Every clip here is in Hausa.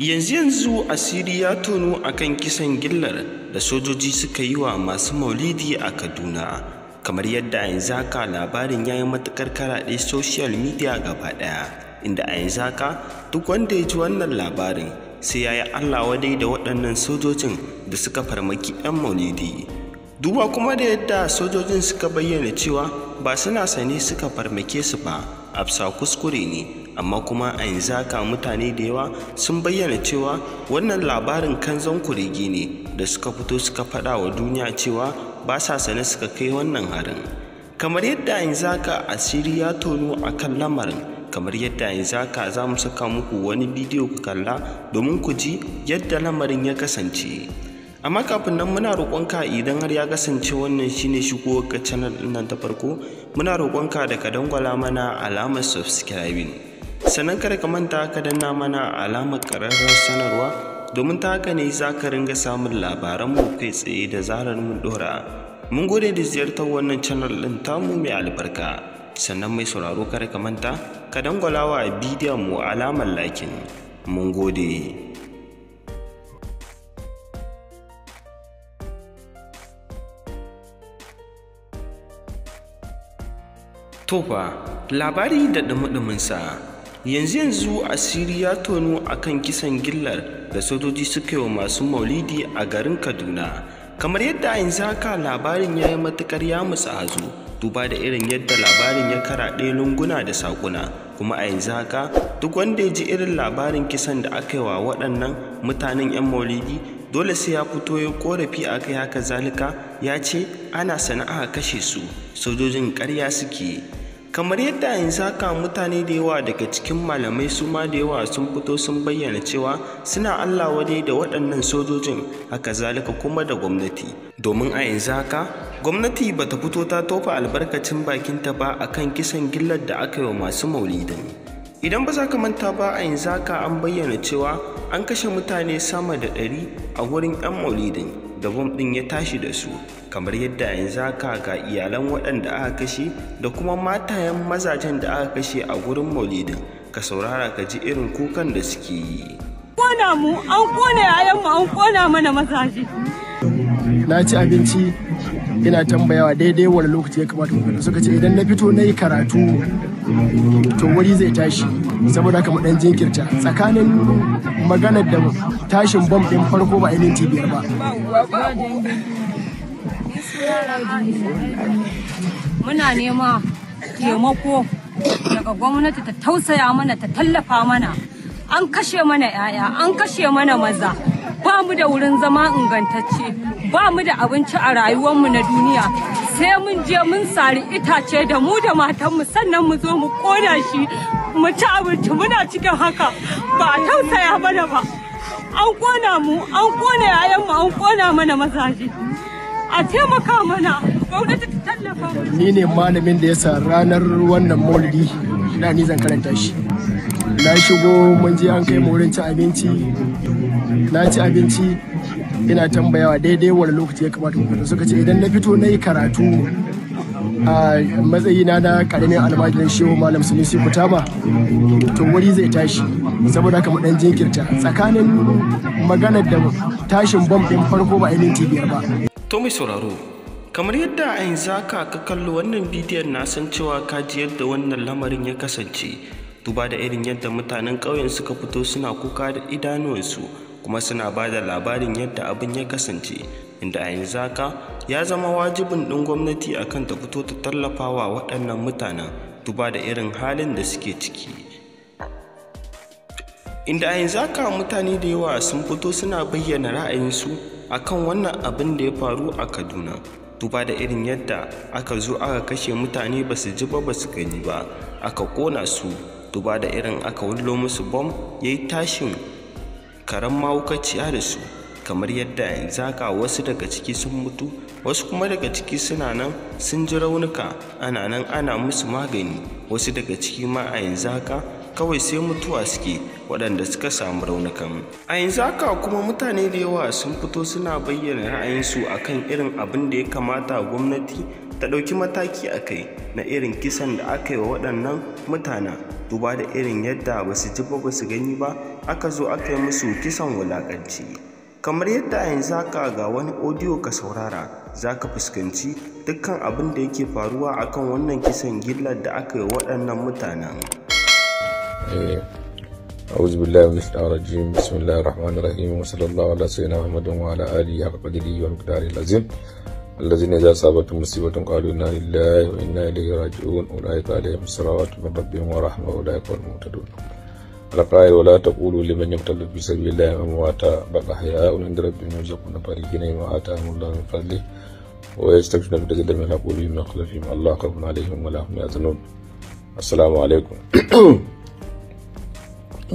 yanzu yanzu asiri ya tono kan kisan gillar da sojoji suka yi wa masu maulidi a kaduna kamar yadda a yanzu haka labarin ya yi matuƙar karaɗe social media gaba ɗaya inda a yanzu haka duk wanda ya ji wannan labarin sai ya yi allah wadai da waɗannan sojojin da suka farmaki 'yan maulidi duba kuma da yadda sojojin suka bayyana cewa ba suna sane suka farmake su ba afsa kuskure ne amma kuma a yanzu haka mutane da yawa sun bayyana cewa wannan labarin kanzon kurigi ne da suka fito suka faɗa wa duniya cewa ba sa sane suka kai wannan harin kamar yadda a yanzu haka asiri ya tono a kan lamarin kamar yadda a yanzu haka za mu saka muku wani bidiyo ku kalla domin ku ji yadda lamarin ya kasance amma kafin nan muna roƙonka idan har ya kasance wannan shine shigo ga channel ɗin nan ta farko muna roƙonka da ka dangwala mana alamar subscribing sannan kada ka manta ka danna mana alamar ƙararrawar sanarwa domin ta haka ne za ka ringa samun labaranmu kai tsaye da zarar mun ɗora mun gode da ziyartar wannan channel ɗin tamu mai albarka sannan mai sauraro kada ka manta ka dangwala wa bidiyon mu alamar lakin mun gode Tofa, labari da ɗumi sa yanzu yanzu asiri ya tono a kan kisan gillar da sojoji suka yi wa masu maulidi a garin kaduna kamar yadda yanzu haka labarin ya yi matukar ya musu hazo duba da irin yadda labarin ya kara karaɗe lunguna da sakuna, kuma a yanzu haka duk wanda ya ji irin labarin kisan da aka yi wa waɗannan mutanen 'yan maulidi dole sai ya fito ya korafi a kai haka zalika ya ce ana sana'a kashe su sojojin karya suke kamar yadda yanzu haka mutane da yawa daga cikin malamai su ma da yawa sun fito sun bayyana cewa suna allah wadai da waɗannan sojojin haka zalika kuma da gwamnati domin a yanzu haka gwamnati ba ta fito ta tofa albarkacin bakinta ba a kan kisan gillar da aka yi wa masu maulidin idan ba za ka manta ba a yanzu haka an bayyana cewa an kashe mutane sama da ɗari a wurin 'yan maulidin da bom ɗin ya tashi da su kamar yadda yanzu haka ga iyalan waɗanda aka kashe da kuma matayen mazajen da aka kashe a gurin maulidin ka saurara ka ji irin kukan da suke yi kona mu an kona mu an kona mana mazaje na ci abinci ina tambayawa daidai wani lokaci ya kamata mu suka ce idan na fito na yi karatu to wuri zai tashi saboda haka mu dan jinkirta tsakanin maganar da tashin bom din farko ba minti biyar ba muna nema taimako daga gwamnati ta tausaya mana ta tallafa mana an kashe mana 'ya'ya an kashe mana maza ba mu da wurin zama ingantacce ba mu da abinci a rayuwarmu na duniya sai mun je mun sari itace da mu da matanmu sannan mu zo mu koda shi mu ci abinci muna cikin haka ba tausaya mana ba an kona mu an kona yayanmu an kona mana mazaje a taimaka mana gwamnati ta tallafa ni ne malamin da ya sa ranar wannan maulidi ina ni zan karanta shi na shigo mun je an kai mu wurin ci abinci na ci abinci ina tambayawa daidai wani lokaci ya kamata mu suka ce idan na fito na yi karatu a na na karamin almajirin shehu malam sunusi kutama to wuri zai tashi saboda haka dan jinkirta tsakanin maganar da tashin bom din farko ba minti biyar ba to mai sauraro kamar yadda a yin zaka ka kallo wannan bidiyon na san cewa ka ji yadda wannan lamarin ya kasance duba da irin yadda mutanen ƙauyen suka fito suna kuka da idanuwansu kuma suna ba da labarin yadda abin ya kasance inda a yanzu haka ya zama wajibin ɗin gwamnati akan ta fito ta tallafa wa waɗannan mutanen duba da irin halin da suke ciki inda a yanzu haka mutane da yawa sun fito suna bayyana ra'ayinsu akan wannan abin da ya faru a kaduna duba da irin yadda aka zo aka kashe mutane ba su ji ba ba su gani ba aka kona su duba da irin aka wullo musu bom ya yi tashin karen mahaukaciya da su kamar yadda yanzu zaka wasu daga ciki sun mutu wasu kuma daga ciki suna nan sun ji raunuka ana nan ana musu magani wasu daga ciki ma a yanzu haka kawai sai mutuwa suke waɗanda suka samu raunukan a yanzu haka kuma mutane da yawa sun fito suna bayyana ra'ayinsu a kan irin abin da ya kamata gwamnati ta ɗauki mataki a kai na irin kisan da aka yi wa waɗannan mutanen duba da irin yadda ba su ji ba ba su gani ba aka zo aka yi musu kisan wulaƙanci kamar yadda a yanzu haka ga wani audio ka saurara za ka fuskanci dukkan abin da yake faruwa akan wannan kisan gillar da aka yi waɗannan mutanen أعوذ بالله من الشيطان الرجيم بسم الله الرحمن الرحيم وصلى الله على سيدنا محمد وعلى آله حق قدره ومقداره العظيم الذين إذا أصابتهم مصيبة قالوا إنا لله وإنا إليه راجعون أولئك عليهم الصلوات من ربهم ورحمة أولئك هم المهتدون القائل ولا تقولوا لمن يقتل في سبيل الله أمواتا بل أحياء عند ربهم يرزقون فرحين بما آتاهم الله من فضله ويستكشفون في تجد من قلوبهم من خلفهم الله خوف عليهم ولا هم يحزنون السلام عليكم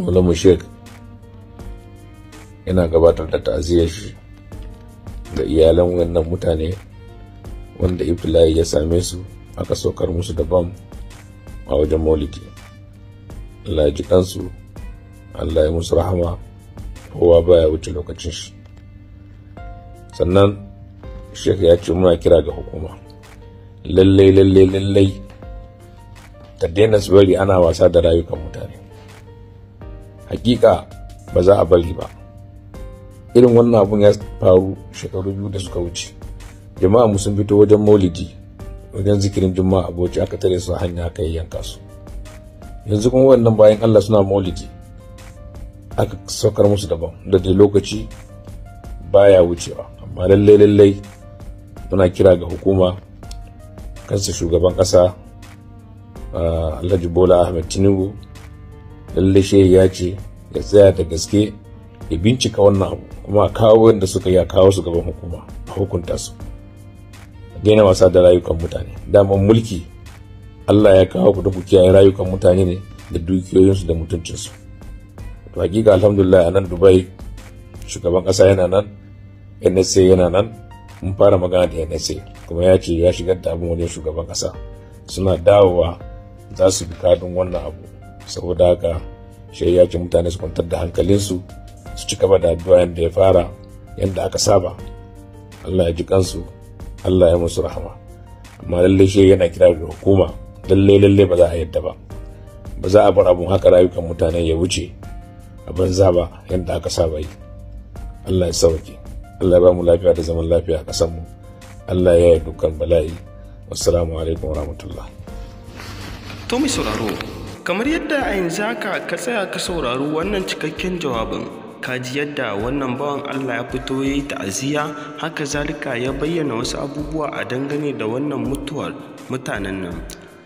ولا مشرك ina gabatar da ta'aziyar shi ga iyalan wannan mutane wanda ibtila'i ya same su aka saukar musu da bam a wajen maulidi Allah ya ji kansu Allah ya musu rahama kowa baya wuce lokacin shi sannan shek ya ce muna kira ga hukuma lallai lallai lallai ta daina su bari ana wasa da rayukan mutane hakika ba za a bari ba irin wannan abun ya faru shekaru biyu da suka wuce jama'a mu sun fito wajen maulidi wajen zikirin juma'a boci aka tare su hanya aka yi yanka su yanzu kuma wannan bayan allah suna maulidi aka saukar musu daban da da lokaci baya wucewa amma lallai lallai muna kira ga hukuma kansa shugaban kasa alhaji bola ahmed tinubu lallai shehi ya ce ya tsaya da gaske ya bincika wannan abu kuma kawo wanda suka yi a kawo su gaban hukuma a hukunta su daina wasa da rayukan mutane daman mulki Allah ya kawo ku da ku kiyaye rayukan mutane ne da dukiyoyinsu da mutuncinsu to hakika alhamdulillah a nan dubai shugaban ƙasa yana nan nsa yana nan mun fara magana da nsa kuma ya ce ya shigar da abin wajen shugaban ƙasa suna dawowa za su bi kadin wannan abu saboda haka shi ya ce mutane su kwantar da hankalinsu su ci gaba da addu'a yadda ya fara yadda aka saba Allah ya ji kansu Allah ya musu rahama amma lallai shi yana kira ga hukuma lallai lallai ba za a yadda ba ba za a bar abun haka rayukan mutane ya wuce a banza ba yadda aka saba yi Allah ya sauke Allah ya ba mu lafiya da zaman lafiya a ƙasar mu Allah ya yi dukkan bala'i wassalamu alaikum warahmatullah to mai sauraro kamar yadda a yanzu haka ka tsaya ka saurari wannan cikakken jawabin kaji yadda wannan bawan Allah ya fito ya yi ta'aziyya haka zalika ya bayyana wasu abubuwa a dangane da wannan mutuwar mutanen nan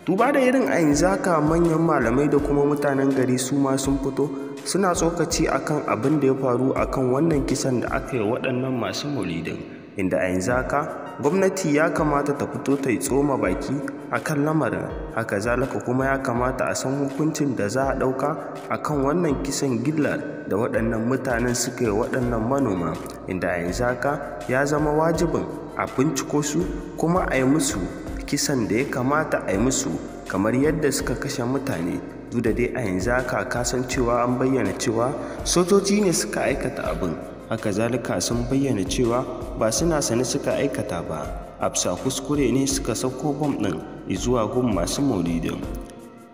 duba da irin a yanzu haka manyan malamai da kuma mutanen gari su ma sun fito suna tsokaci akan abin da ya faru akan wannan kisan da aka yi waɗannan masu muridin inda a yanzu haka gwamnati ya kamata ta fito ta yi tsoma baki a kan lamarin haka zalaka kuma ya kamata a san hukuncin da za a ɗauka a kan wannan kisan gillar da waɗannan mutanen suka yi waɗannan manoma inda a yanzu haka ya zama wajibin a binciko su kuma a yi musu kisan da ya kamata a yi musu kamar yadda suka kashe mutane duk da dai a yanzu haka cewa an bayyana cewa sojoji ne suka aikata abin haka zalika sun bayyana cewa ba suna sane suka aikata ba afsa kuskure ne suka sauko bom ɗin zuwa gun masu maulidin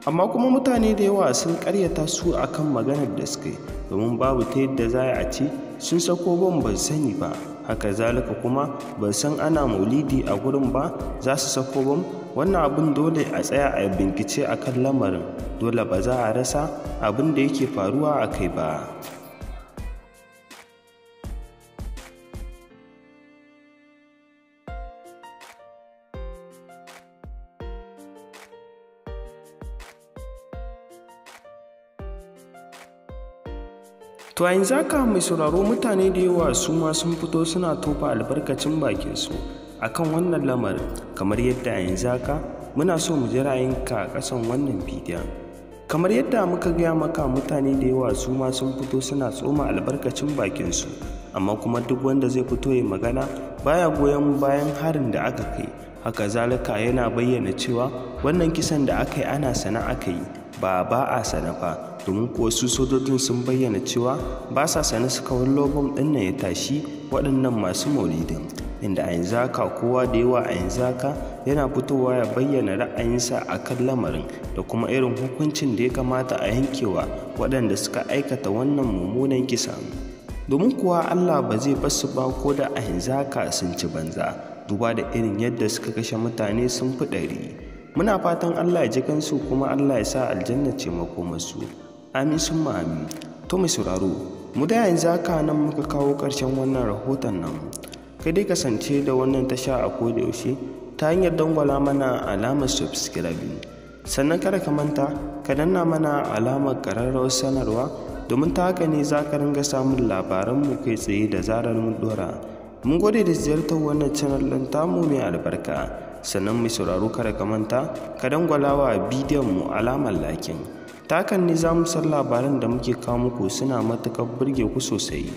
amma kuma mutane da yawa sun karyata su akan maganar da suka yi domin babu ta yadda za a ci sun sauko bom ban sani ba haka zalika kuma ban san ana maulidi a gurin ba za su sako bom wannan abun dole a tsaya a bincike akan lamarin dole ba za a rasa abin da yake faruwa a kai ba to a yanzu haka mai sauraro mutane da yawa su ma sun fito suna tofa albarkacin bakinsu akan wannan lamarin kamar yadda a yanzu haka muna so mu ji ra'ayinka a ƙasan wannan bidiyon kamar yadda muka gaya maka mutane da yawa su ma sun fito suna tsoma albarkacin bakinsu amma kuma duk wanda zai fito ya magana baya goyon bayan harin da aka kai haka zalika yana bayyana cewa wannan kisan da aka yi ana sana aka yi ba ba a sana domin kuwa su sojojin sun bayyana cewa ba sa sane suka kawar lobom din nan ya tashi waɗannan masu maulidin inda a yanzu haka kowa da yawa a yanzu haka yana fitowa ya bayyana ra'ayinsa a kan lamarin da kuma irin hukuncin da ya kamata a yankewa waɗanda suka aikata wannan mummunan kisa domin kuwa allah ba zai basu ba ko da a yanzu haka sun ci banza duba da irin yadda suka kashe mutane sun fi ɗari muna fatan allah ya ji kansu kuma allah ya sa aljanna ce makomarsu amin sun ma'amin to mai sauraro mu da yanzu aka nan muka kawo karshen wannan rahoton nan kai dai kasance da wannan tasha a koda yaushe ta hanyar dangwala mana alamar subscribe sannan kada ka manta ka danna mana alamar ƙararrawar sanarwa domin ta haka ne za ka ringa samun labaranmu kai tsaye da zarar mun dora mun gode da ziyartar wannan channel ɗin tamu mai albarka sannan mai sauraro kada ka manta ka dangwala wa bidiyon mu alamar lakin Takan ni ne za mu san labaran da muke kawo muku suna matuƙar burge ku sosai